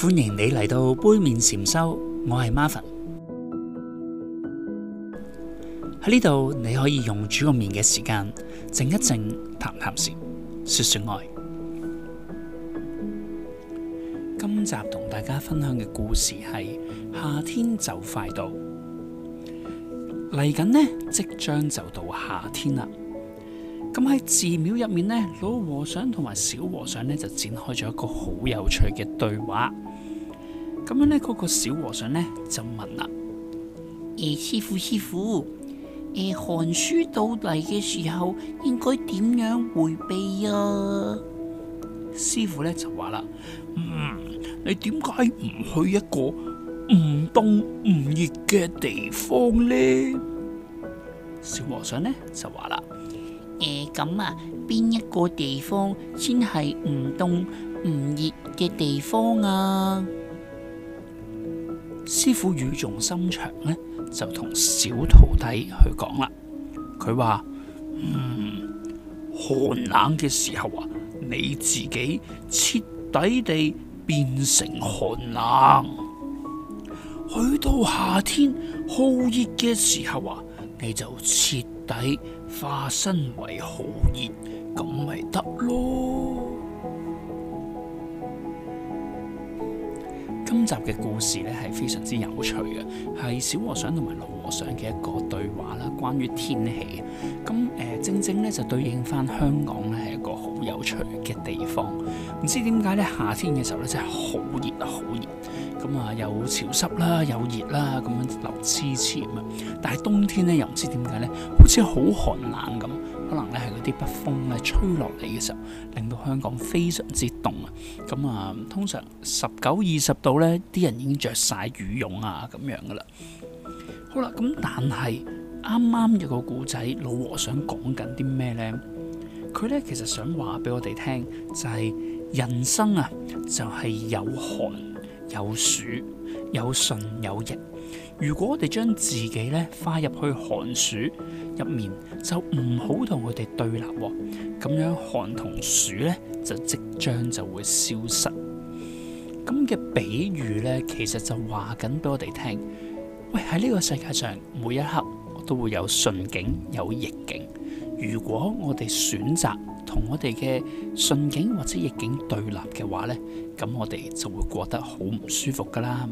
歡迎你嚟到杯麵禪修，我係 Marvin。喺呢度你可以用煮個麵嘅時間靜一靜，談談事，說說愛。今集同大家分享嘅故事係夏天就快到。嚟緊呢，即將就到夏天啦。咁喺寺廟入面呢，老和尚同埋小和尚呢，就展開咗一個好有趣嘅對話。咁樣呢，嗰個小和尚呢，就問啦：「欸，師傅、師傅，誒、欸，寒暑到嚟嘅時候應該點樣回避啊？」師傅呢，就話啦：「嗯，你點解唔去一個唔凍唔熱嘅地方呢？」小和尚呢，就話啦。誒，咁啊，邊一個地方先係唔凍唔熱嘅地方啊？師傅語重心長呢，就同小徒弟去講啦。佢話：嗯，寒冷嘅時候啊，你自己徹底地變成寒冷；去到夏天，酷熱嘅時候啊，你就徹底。化身為好熱咁咪得咯！今集嘅故事呢係非常之有趣嘅，係小和尚同埋老和尚嘅一個對話啦，關於天氣。咁誒、呃，正正呢就對應翻香港呢係一個好有趣嘅地方。唔知點解呢夏天嘅時候呢，真係好熱好熱。咁啊、嗯，又潮濕啦，又熱啦，咁樣流黐黐啊，但係冬天咧，又唔知點解咧，好似好寒冷咁。可能咧，係嗰啲北風咧吹落嚟嘅時候，令到香港非常之凍啊！咁、嗯、啊，通常十九二十度咧，啲人已經着晒羽絨啊，咁樣噶啦。好啦，咁但係啱啱有個故仔，老和尚講緊啲咩呢？佢咧其實想話俾我哋聽，就係、是、人生啊，就係、是、有寒。有暑，有順有逆，如果我哋將自己咧花入去寒暑入面就暑，就唔好同佢哋對立，咁樣寒同暑咧就即將就會消失。咁嘅比喻咧，其實就話緊俾我哋聽：「喂，喺呢個世界上每一刻我都會有順境、有逆境。」如果我哋選擇。同我哋嘅順境或者逆境對立嘅話呢，咁我哋就會過得好唔舒服噶啦。